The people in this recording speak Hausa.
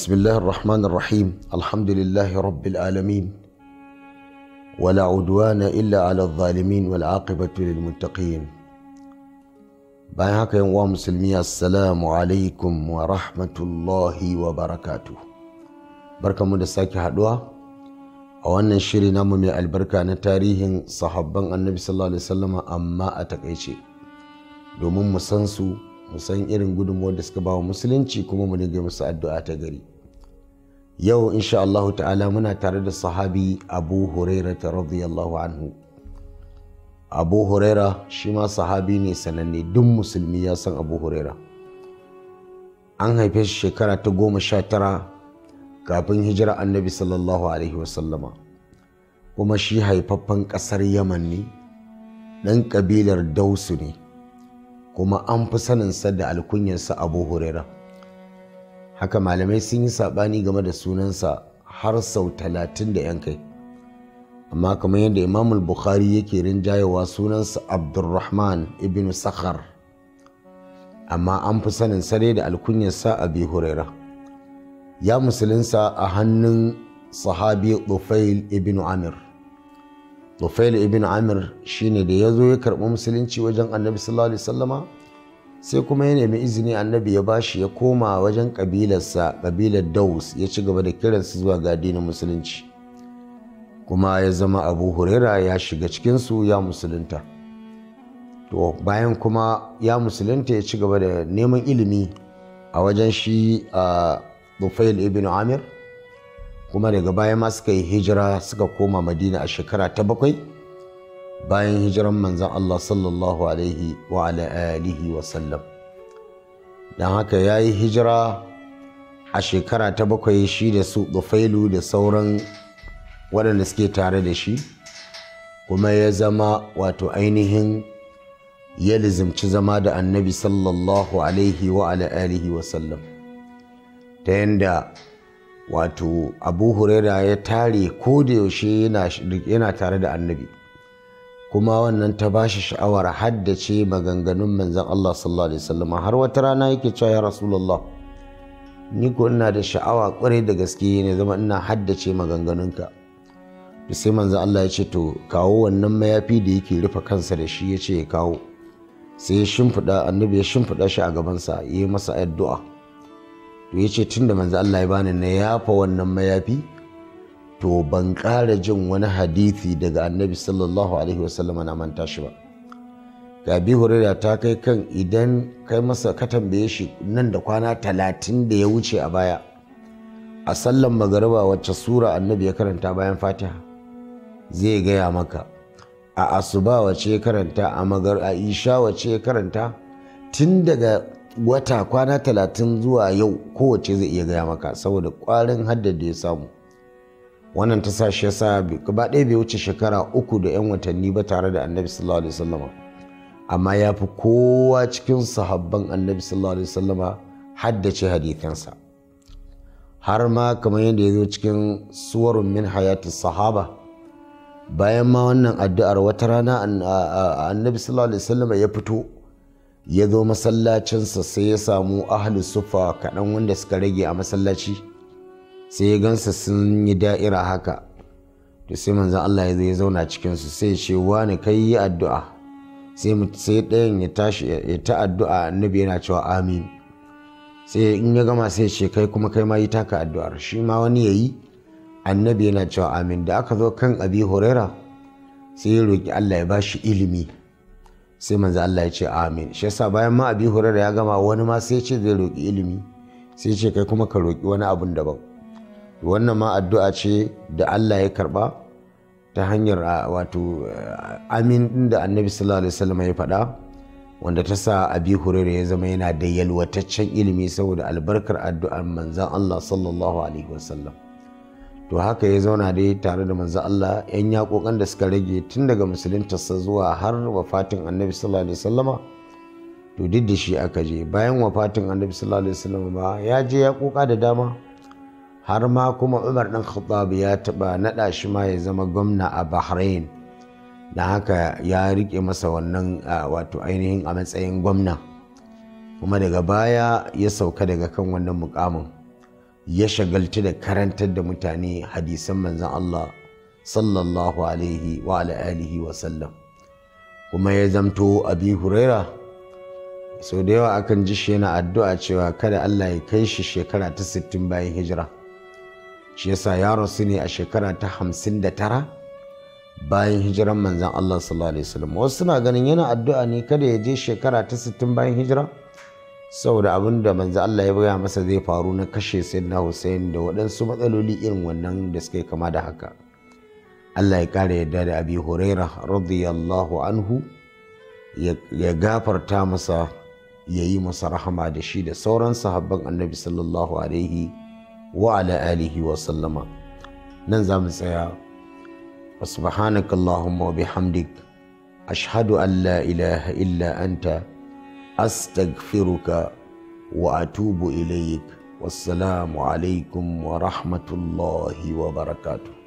بسم الله الرحمن الرحيم الحمد لله رب العالمين ولا عدوان إلا على الظالمين والعاقبة للمتقين bayan haka yan uwa musulmi assalamu wa rahmatullahi wa barakatu barkamu da sake haduwa a wannan shiri namu mai albarka na tarihin sahabban annabi sallallahu alaihi wasallama amma a takaice domin mu san su mu san irin gudunmuwar da suka ba wa musulunci kuma mu dinga musu addu'a ta gari yau insha Allah ta'ala muna tare da sahabi Abu Huraira ta radiyallahu anhu Abu Huraira shi ma sahabi ne sananne duk musulmi ya san Abu Huraira an haife shi shekara ta goma sha tara kafin hijira annabi sallallahu alaihi wasallama kuma shi haifaffen ƙasar yaman ne ɗan ƙabilar dausu ne kuma an fi saninsa da alkunyarsa abu huraira haka malamai sun yi saɓani game da sunansa har sau talatin da 'yan kai amma kamar yadda imam bukhari yake rinjayewa sunansa abdulrahman ibn sakhar amma an fi sanin dai da alkunyarsa abu huraira ya musulinsa a hannun sahabi tufail ibn amir Nufail ibn Amir shine da ya zo ya karɓi musulunci wajen annabi sallallahu alaihi wasallama sai kuma ya nemi izini annabi ya bashi ya koma wajen kabilarsa kabilar Daus ya ci gaba da su zuwa ga addinin musulunci kuma ya zama Abu Huraira ya shiga cikinsu ya musulunta to bayan kuma ya musulunta ya ci gaba da neman ilimi a wajen shi a Nufail ibn Amir kuma daga baya ma suka yi hijira suka koma madina a shekara ta bakwai bayan hijiran manzan Allah sallallahu alaihi wa alihi wa sallam don haka ya yi hijira a shekara ta bakwai shi da su tufailu da sauran waɗanda suke tare da shi kuma ya zama wato ainihin ya lizimci zama da annabi sallallahu alaihi wa alihi wa sallam ta yadda wato abu huraira ya tare ko da yaushe yana tare da annabi kuma wannan ta ba shi sha'awar haddace maganganun manzan Allah sallallahu alaihi wasallam har wata rana yake cewa ya rasulullah ni ko ina da sha'awa kwarai da gaske ne zama ina haddace maganganunka ka sai manzan Allah ya ce to kawo wannan mayafi da yake rufe kansa da shi ya ce ya kawo sai ya shimfiɗa annabi ya shimfiɗa shi a gabansa ya yi masa addu'a to ya ce tun da manzo Allah ya bani na yafa wannan mayafi to ban ƙara jin wani hadithi daga annabi sallallahu alaihi wasallam na manta shi ba ga bi hurira ta kai kan idan kai masa ka tambaye shi nan da kwana talatin da ya wuce a baya a sallan magariba wacce sura annabi ya karanta bayan fatiha zai gaya maka a asuba wacce ya karanta a magar a isha wacce ya karanta tun daga wata kwana talatin zuwa yau kowace zai iya gaya maka saboda kwarin haddar da ya samu wannan ta sashi shi yasa gaba ɗaya bai wuce shekara uku da 'yan watanni ba tare da annabi sallallahu alaihi wasallama amma ya fi kowa cikin sahabban annabi sallallahu alaihi wasallama haddace hadithansa har ma kamar yadda ya zo cikin suwarun min hayatu sahaba bayan ma wannan addu'ar wata rana annabi sallallahu alaihi wasallama ya fito ya zo masallacinsa sai ya samu ahli sufa kaɗan wanda suka rage a masallaci sai ya gansa sun yi da'ira haka to sai manzan Allah ya zai zauna cikinsu sai ya ce wani kai yi addu'a sai ɗayan ya tashi ya ta addu'a annabi yana cewa amin sai in ya gama sai ce kai kuma kai ma yi taka addu'ar shi ma wani ya yi annabi yana cewa amin da aka zo kan abi huraira sai ya roƙi Allah ya bashi ilimi sai manzo Allah ya ce amin shi yasa bayan ma abi hurara ya gama wani ma sai ce zai roki ilimi sai ce kai kuma ka roki wani abun daban wannan ma addu'a ce da Allah ya karba ta hanyar wato amin din da annabi sallallahu alaihi wasallam ya faɗa wanda ta sa abi hurairu ya zama yana da yalwataccen ilimi saboda albarkar addu'ar manzan Allah sallallahu alaihi wasallam to haka ya zauna dai tare da manzo Allah yan yakokan da suka rage tun daga musuluntarsa zuwa har wafatin annabi sallallahu alaihi wasallama to duk da shi aka je bayan wafatin annabi sallallahu alaihi wasallama ba ya je yakoka da dama har ma kuma Umar dan Khattab ya taba naɗa shi ma ya zama gwamna a Bahrain da haka ya rike masa wannan wato ainihin a matsayin gwamna kuma daga baya ya sauka daga kan wannan mukamin ya shagaltu da karantar da mutane hadisan manzan Allah sallallahu alaihi wa alihi wa sallam kuma ya zamto abi huraira sau da yawa akan ji shi yana addu'a cewa kada Allah ya kai shi shekara ta 60 bayan hijira shi yasa ya rasu ne a shekara ta 59 bayan hijiran manzan Allah sallallahu alaihi wasallam wasu suna ganin yana addu'a ne kada ya je shekara ta 60 bayan hijira saboda abin da manzo Allah ya gaya masa zai faru na kashe sayyidina Hussein da waɗansu matsaloli irin wannan da suke kama da haka Allah ya ƙara yadda da Abi Huraira radiyallahu anhu ya gafarta masa ya yi masa rahama da shi da sauran sahabban annabi sallallahu alaihi wa ala alihi wa sallama nan za mu tsaya wa subhanakallahumma wa bihamdik ashhadu an la ilaha illa anta أستغفرك وأتوب إليك والسلام عليكم ورحمة الله وبركاته